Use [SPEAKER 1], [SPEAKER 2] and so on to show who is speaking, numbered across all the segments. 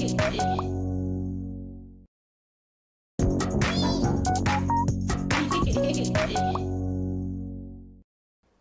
[SPEAKER 1] Thank you.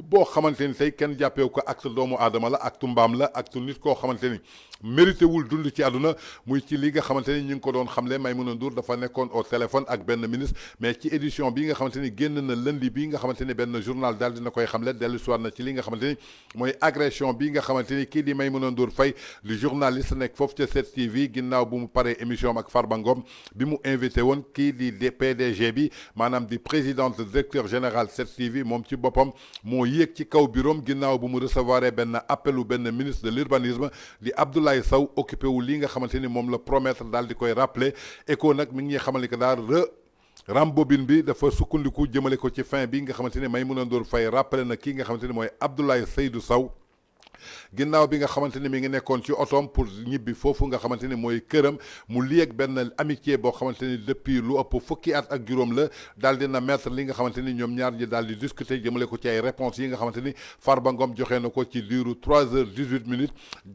[SPEAKER 2] bo xamanteni ni tey kenn qu'à ko ak doomu adama la ak tumbam la ak tu nit ko xamanteni ni mérité wul dund ci àdduna muy ci li nga xamanteni ñing ko doon xamle Maïmouna Ndour dafa nekkoon au téléphone ak le ministre mais ci édition bi nga xamanteni ni génn na lundi bi nga xamanteni pas le journal dal dina koy xamle delu soir na ci li nga xamanteni moy agression bi nga xamanteni ki kii di Maïmouna Ndour fay le journaliste n'est qu'offre ci 7TV ginnaw bu mu paré émission am ak Farba Ngom bi mu invité won ki di PDG bi manam di présidente directeur général 7TV mom ci bopam moo yéeg ci kaw biroom ginnaaw bu mu recevoir benn appelu benn ministre de l'urbanisme di Abdoulaye Sow occupé wu lii nga xamante ni moom la promettre daal di koy rappeler ECHO nag mi ngi ñuy xamal ni que daal re rambobine bi dafa sukkandiku jëmale ko ci fin bi nga xamante ni a Ndour fay rappelé na kii nga xamante ni mooy Abdoulaye Seydou Sow ginnaaw bi nga xamante ni mi ngi nekkoon ci otoom pour ñibbi foofu nga xamante ni mooy këram mu lii ak benn amitié boo xamante ni depuis lu ëpp fukki at ak juróom la daal na mettre li nga xamante ni ñoom ñaar ñi daal di discuter jëmale ko ci ay réponses yi nga xamante ni Farba Ngom joxe na ko ci diiru 3 heures 18 minutes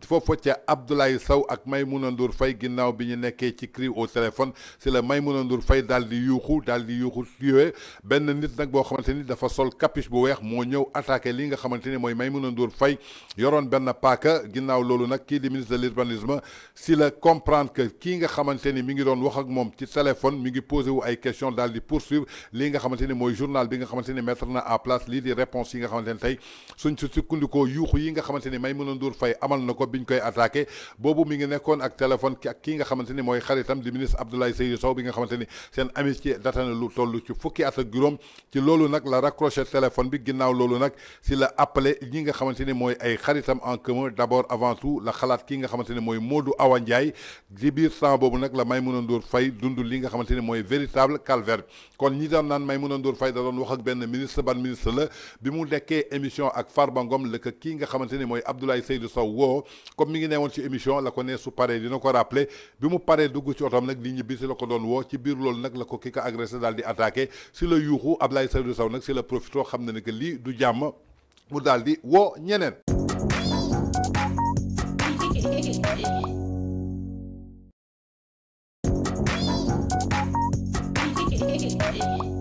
[SPEAKER 2] foofa ca Abdoulaye saw ak Maymouna Ndour fay ginnaaw bi ñu nekkee ci cri au téléphone si la Maymouna Ndour fay daal di yuuxu daal di yuuxu benn nit nag boo xamante ni dafa sol capuche bu weex moo ñëw attaqué li nga xamante ni mooy Maymouna Ndour Faye yor yoroon ben paaka ginnaw loolu nak ki di ministre de l'urbanisme si la comprendre que ki nga xamanteni mi ngi don wax ak mom ci téléphone mi ngi poser wu ay question dal di poursuivre li nga xamanteni moy journal bi nga xamanteni mettre na en place li di réponse yi nga xamanteni tay tey suñ si sukkandikoo yuuxu yi nga xamanteni may mëna Ndour fay amal nako biñ koy attaquer bobu mi ngi nekkoon ak téléphone ak kii nga xamanteni moy mooy xaritam di ministre Abdoulaye Seydou Sow bi nga xamanteni sen amitié datana lu tollu ci fukki at ak juróom ci loolu nak la raccrocher téléphone bi ginnaw loolu nak si la appeler ñi nga xamanteni moy ay xarit itam en commun d'abord avant tout la Khalat ki nga xamante moy Modou Awa Ndiaye ci biir sang boobu nag la Maïmouna Ndour Fay dund li nga xamante moy mooy véritable calvaire kon ñi daan naan Maïmouna Ndour Fay da doon wax ak ben ministre ban ministre la bi mu nekkee émission ak Farbangom le la ko nga xamante moy mooy Abdoulaye Seydou Sow woo comme mi ngi newoon ci émission la ko ne su paree dina ko rappelé bi mu paree dugg ci otoom nag di ñibbi si la ko doon wo ci bir loolu nak la ko kika ko agressé daal di attaquer si le yuuxu Abdoulaye Seydou Sow nak si le profito xam na ne que li du jàmm mu daal di woo ñeneen
[SPEAKER 1] Thank you.